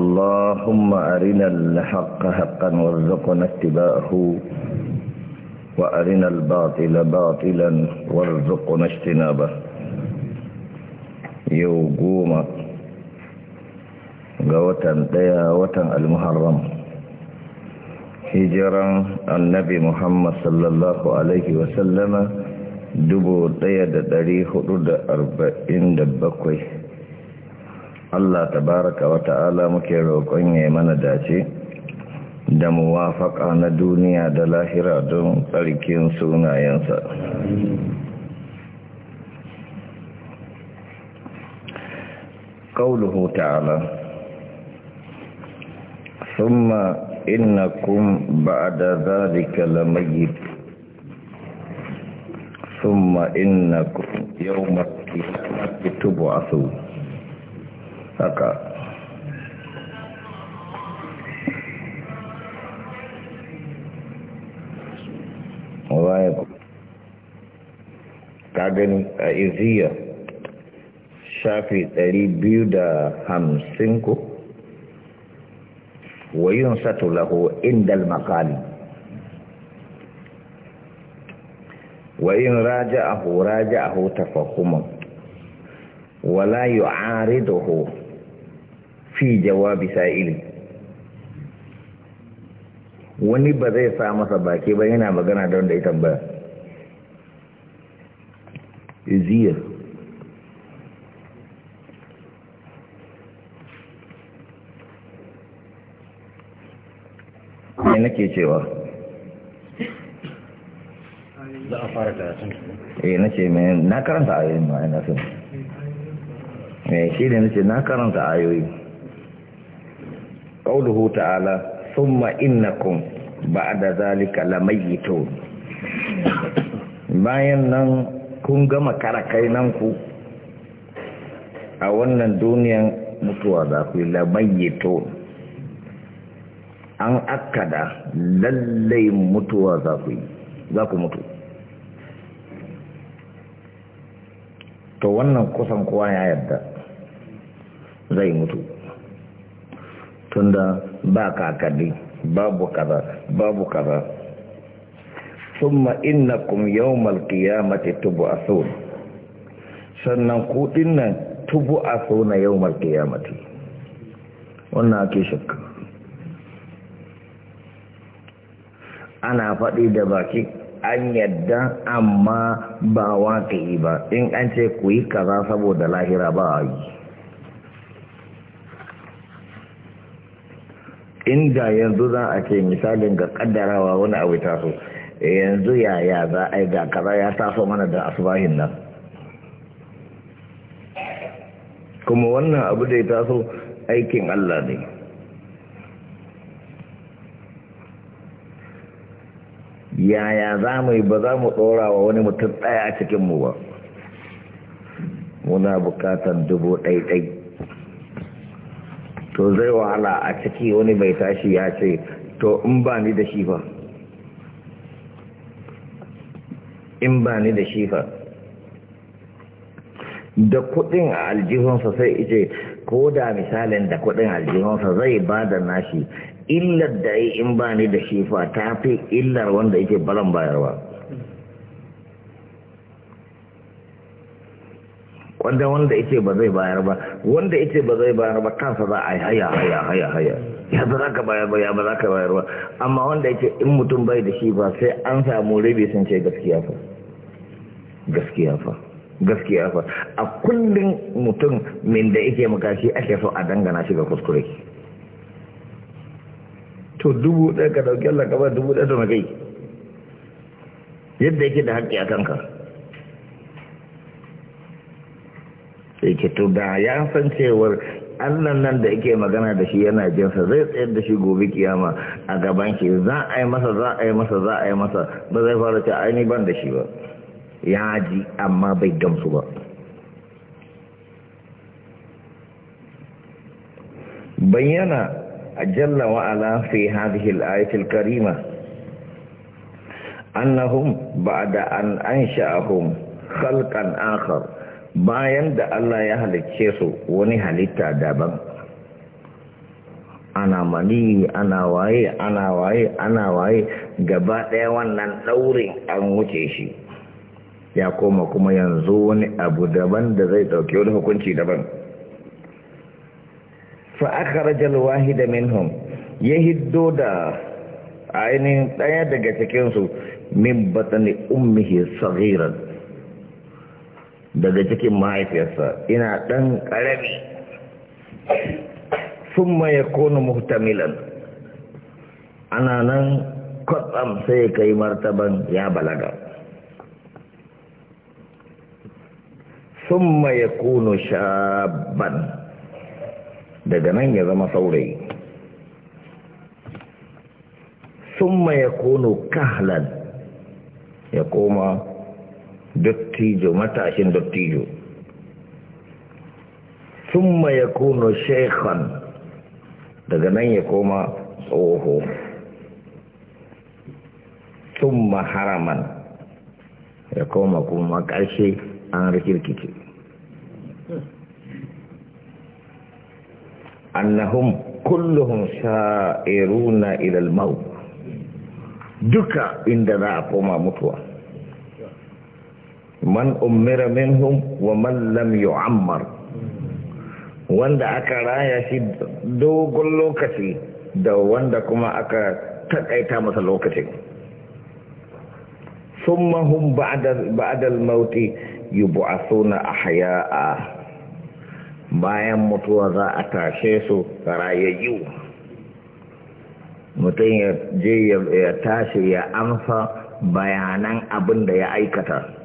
اللهم أرنا الحق حقا وارزقنا اتباعه وأرنا الباطل باطلا وارزقنا اجتنابه يوجوما غوتا ديا وتا المحرم هجرا النبي محمد صلى الله عليه وسلم دبو ديا دريه رد أربعين دبكوي Allah tabaraka wa ta'ala muke roƙon ya mana dace da muwafaka na duniya da lahira don tsarkin sunayensa. Kauluhu ta'ala Summa innakum ba'da zalika lamayit kun yau yawma qiyamati tub'athun haka waye ka gani a iziya shafi 250 ko wayun satu lahu indal makali وإن راجعه راجعه تفهما ولا يعارضه fi jawabi sa'ili wani ba zai sa masa baki ba yana magana don da ita ba iziyar ne nake cewa za a fara eh, nace na karanta ayoyin eh, shi na karanta ayoyi قوله تعالى ثم إنكم بعد ذلك لميتون bayan nan kun gama karakai nan ku a wannan duniyan mutuwa za ku yi lamayyato an akada lallai mutuwa za ku yi za ku mutu to wannan kusan kowa ya yadda zai mutu tunda ba kakadi babu kaza babu kaza summa innakum yawmal qiyamati tub'athun sannan ku dinnan tub'athuna yawmal qiyamati wannan ake shakka ana faɗi da baki an yadda amma ba waƙi ba in an ce ku yi kaza saboda lahira ba a yi inda yanzu za a ce misalin ga kaddarawa wani abu taso yanzu yaya za a yi ga kaza ya taso mana da asubahin nan kuma wannan abu da ya taso aikin Allah ne yaya za mu yi ba za mu tsora wa wani mutum ɗaya a cikinmu ba muna bukatar dubu ɗaiɗai to zai wahala a ciki wani mai tashi ya ce to in ba ni da shi ba in ba ni da shi da kudin a aljihunsa sai ice ko da misalin da kudin aljihunsa zai ba da nashi illar da yi in ba ni da shi fa ta fi illar wanda yake balan bayarwa wanda wanda yake ba zai bayar ba wanda yake ba zai bayar ba kansa za a yi haya haya haya haya ya ba za ka bayar ba ya ba za ka bayar ba amma wanda yake in mutum bai da shi ba sai an samu rabi sun ce gaskiya fa gaskiya fa gaskiya fa a kullum mutum min da yake makashi ake so a dangana shi ga kuskure to dubu ɗaya ka ɗauki Allah ka ba dubu ɗaya to na kai yadda yake da haƙƙi a kanka sai ce to da ya san cewar Allah nan da yake magana da shi yana jinsa zai tsayar da shi gobe kiyama a gaban shi za a yi masa za a yi masa za a yi masa ba zai fara ce ai ban da shi ba ya ji amma bai gamsu ba bayyana jalla wa ala fi hadhihi al ayat al-karima annahum ba'da an ansha'ahum khalqan akhar bayan da Allah ya halicce su wani halitta daban ana mani ana waye ana waye ana waye gaba ɗaya wannan ɗaurin an wuce shi ya koma kuma yanzu wani abu daban da zai ɗauki wani hukunci daban fa'akarajal wahida minhum ya hiddo da ainihin ɗaya daga cikinsu min batani ummihi tsagirar daga cikin mahaifiyarsa ina ɗan ƙarami sun maye kone muhtamilan ana nan kwatsam sai kai martaban ya balaga sun maye kone shaban daga nan ya zama saurayi sun maye kone kahlan ya koma dottijo matashin dottijo summa ya kuno shekhan daga nan ya koma tsoho summa haraman ya koma kuma ƙarshe an rikirkice annahum kulluhum sha'iruna ila al-maut duka inda za a koma mutuwa man ummira minhum wa man lam yu'ammar wanda aka raya shi dogon lokaci da wanda kuma aka takaita masa lokacin summa hum ba'da ba'da al-maut yub'athuna ahya'a bayan mutuwa za a tashe su rayayyu mutum ya je ya tashi ya amsa bayanan abin da ya aikata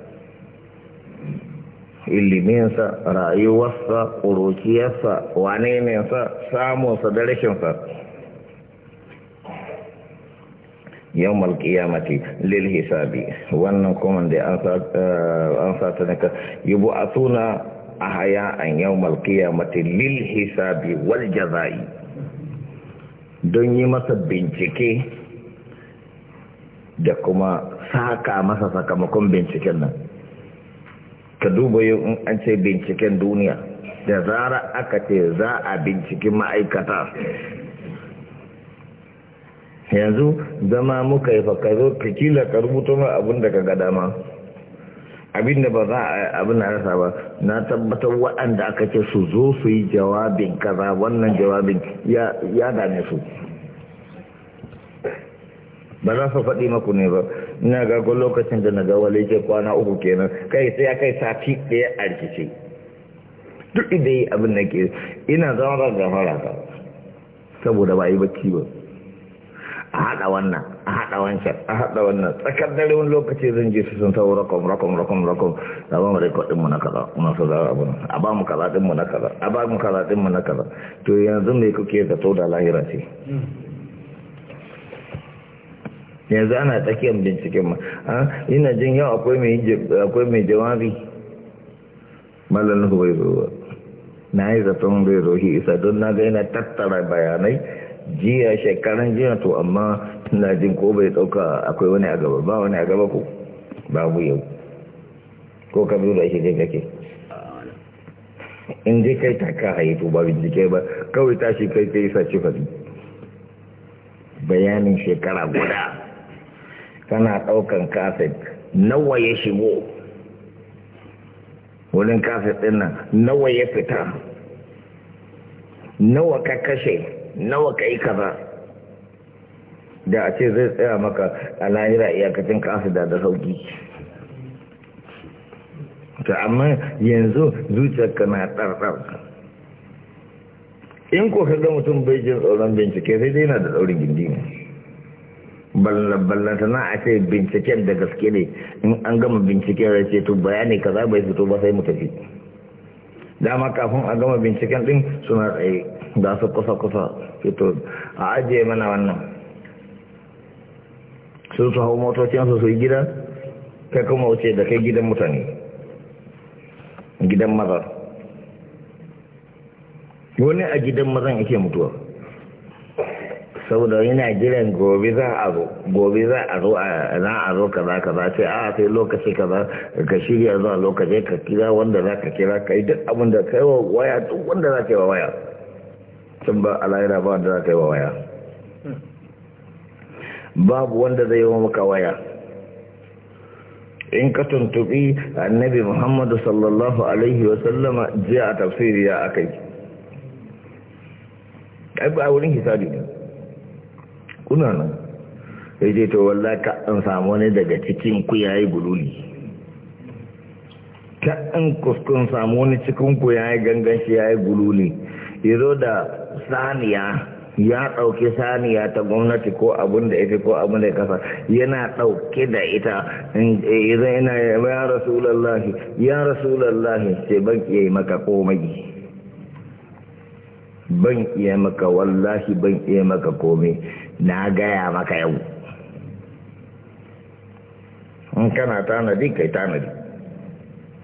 iliminsa rayuwarsa ƙuruciyarsa wane ne sa samunsa da rashinsa yau malkiyamati lil hisabi wannan kuma da an sata eh, ka yi bu'atuna a haya an yau malkiyamati lil hisabi wal jaza'i don yi masa bincike da kuma saka masa sakamakon binciken nan ka duba yau in an ce binciken duniya da zara aka ce za a binciki ma'aikata yanzu zama muka yi faka ka kila ka rubuta ma abin da ka ga dama abin da ba za a abin na rasa ba na tabbatar waɗanda aka ce su zo su yi jawabin kaza wannan jawabin ya dame su ba za su faɗi maku ne ba ina ga lokacin da na ga wale ke kwana uku kenan kai sai ya kai sati ɗaya a rikici duk inda yi abin da ke ina zama ran gafara ka saboda ba yi bacci ba a haɗa wannan a haɗa wancan a haɗa wannan tsakar dare wani lokaci zan je su sun sau rakon rakon rakon rakon a ba mu kwaɗin mu na kaza muna su zara a bana a ba mu kaza mu na kaza a ba mu kaza mu na kaza to yanzu mai kuke zato da lahira ce hmm. yanzu ana tsakiyar binciken ma ah, ina jin yau akwai mai jawabi malar bai zo na yi zaton bai zo shi isa don na ga yana tattara bayanai jiya shekaran jiya to amma na jin ko bai dauka akwai wani a gaba ba wani a gaba ko babu yau ko ka biyu da shi jin kake in ji kai ta ka haye to ba bincike ba kawai tashi kai ta yi sace fadi bayanin shekara guda kana ɗaukan kafet nawa ya shigo wurin kafet ɗin nan nawa ya fita nawa ka kashe nawa ka yi kaza da a ce zai tsaya maka a lahira iyakacin kafet da da sauki ta amma yanzu zuciyarka na ɗarɗar in ko ga mutum bai jin tsoron bincike sai dai yana da tsaurin gindi ne ballanta na a ce binciken da gaske ne in an gama binciken da ce to bayani kaza bai fito ba sai mu tafi dama kafin a gama binciken din suna tsaye da su kusa-kusa fito a ajiye mana wannan sun su hau motocin su sai gida kai kuma wuce da kai gidan mutane gidan mazar wani a gidan mazan yake mutuwa saboda yana jiran gobe za a zo gobe za a zo a zo kaza kaza sai a sai lokaci kaza ka shirya zuwa lokaci ka kira wanda za ka kira ka yi duk abin da ka yi wa waya duk wanda za ka yi wa waya can ba alayira ba wanda za ka yi wa waya babu wanda zai yi wa muka waya in ka tuntubi annabi muhammadu sallallahu alaihi wasallama jiya a tafsiri ya aka yi ai ba wurin hisabi ne kuna nan ya ce to wallahi ka an samu wani daga cikin ku yayi bululi ka an kuskun samu wani cikin ku yayi gangan shi yayi bululi zo da saniya ya ɗauki saniya ta gwamnati ko abin da ita ko abin da kasa yana ɗauke da ita idan eh, yana ya rasulallahi ya rasulallahi sai ban iya yi maka komai ban iya maka wallahi ban iya maka komai na gaya maka yau in kana tanadi kai tanadi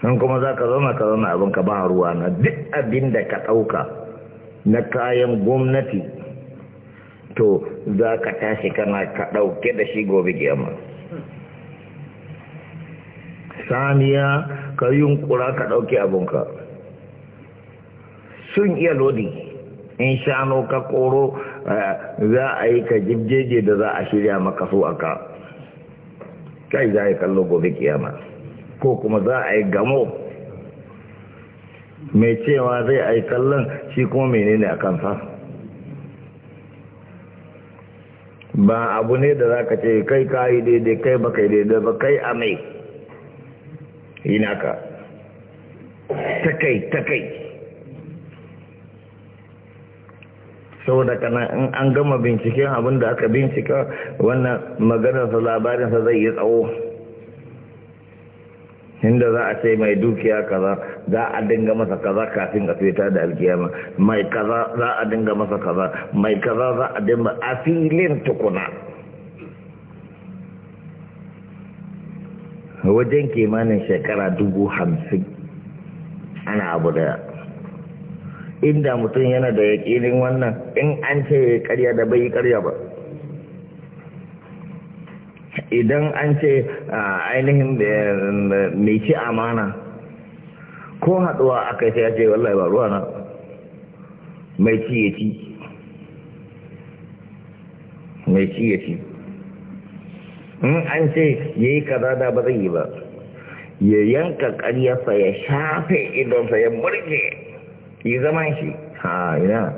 in kuma za ka zauna ka zauna abin ka ba ruwa na duk abin da ka ɗauka na kayan gwamnati to za ka tashi kana ka ɗauke da shi gobe kiyama saniya ka yunkura ka ɗauke abinka sun iya lodi in shano ka koro eh, za a yi ka jibjeje da za a shirya maka so ka. kai za a yi kallo gobe kiyama ko kuma za a yi gamo mai cewa zai a yi kallon shi kuma menene a kansa ba abu ne da za ka ce kai ka yi daidai kai ba kai daidai ba kai a mai yi naka ta kai ta kai saboda kana in an gama binciken abin da aka bincika wannan maganarsa labarinsa zai yi tsawo inda za a ce mai dukiya kaza za a dinga masa kaza kafin a fita da alkiyama mai kaza za a dinga masa kaza mai kaza za a dinga a filin tukuna wajen kimanin shekara dubu hamsin ana abu daya inda mutum yana da yaƙinin wannan in an ce ya karya da bai karya ba idan an ce ainihin eh, mai ci amana ko haɗuwa aka sai ya ce wallahi ba ruwa na mai ci ya ci mai ci ya ci in an ce ya yi kaza da ba zai yi ba ya yanka ƙaryarsa ya shafe idonsa ya murje yi zaman shi ha ina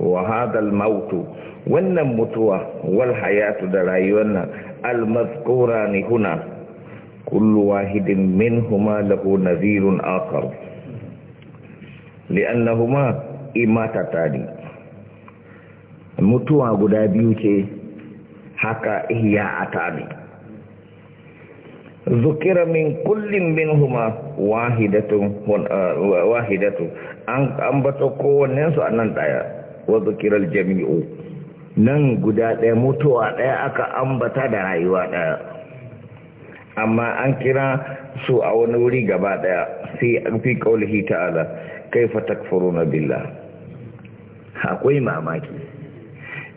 wa hadal mautu wannan mutuwa wal hayatu da rayuwar nan al mazkura ni huna kullu wahidin minhuma lahu nadhirun akhar li'annahuma imatatani mutuwa guda biyu ce haka ihya atani min ذكر من ah, wahidatu منهما An واحدة أن su كونين daya wa zukiral jami'u nan guda ɗaya mutuwa ɗaya aka ambata da rayuwa ɗaya amma an kira su a wani wuri gaba ɗaya fi fi kaulihi ta'ala kaifa takfuruna billah akwai mamaki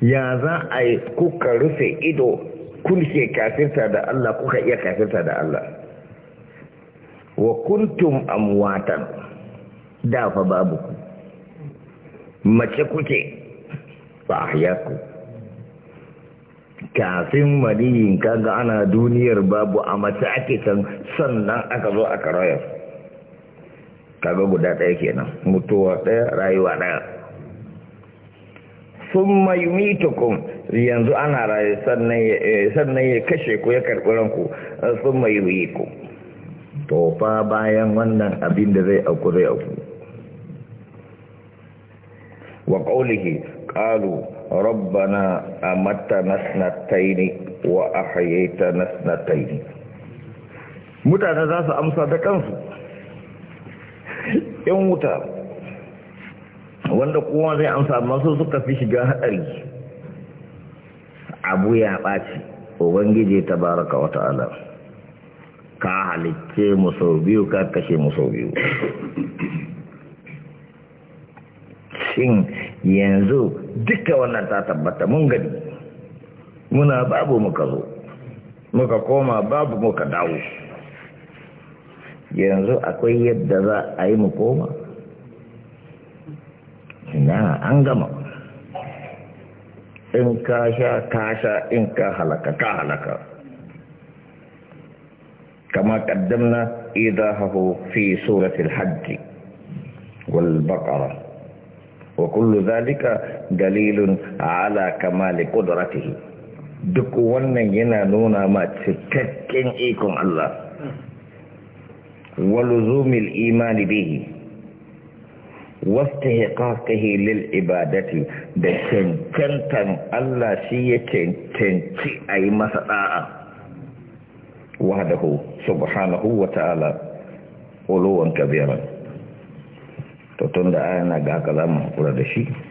ya za a yi kuka rufe ido Kun ke kafirta da Allah kuka iya kafirta da Allah wa kuntum amwatan da fa babu mace kuke fa ahyaku kafin madiyin kaga ana duniyar babu a mace ake san sannan aka zo aka raya kaga guda ɗaya kenan mutuwa ɗaya rayuwa ɗaya sun mai mitukun yanzu ana raye eh, sannan ya kashe ku ya karɓi ranku eh, sun mai yi ku to fa bayan wannan abin da zai auku zai auku wa qawlihi qalu rabbana amattana nasnataini wa a ahyaytana nasnataini mutane za su amsa da kansu in wuta wanda kowa zai amsa masu suka fi shiga haɗari abu ya ɓaci ubangiji ta baraka wata ala ka halicce mu sau biyu ka kashe mu sau biyu shin yanzu duka wannan ta tabbata mun gani muna babu muka zo muka koma babu muka dawo yanzu akwai yadda za a yi mu koma na an gama in ka sha ka sha in ka halaka ka halaka كما قدمنا إيضاحه في سورة الحج والبقرة وكل ذلك دليل على كمال قدرته duk wannan yana nuna ma cikakken ikon Allah waluzumil imani bihi wasta ya lil ibadati da cancantan Allah shi ya cancanci a yi masa ɗa’a wa da hu subhanahu wa ta’ala ulowon kabiran. Tattun da na ga aka zama da shi.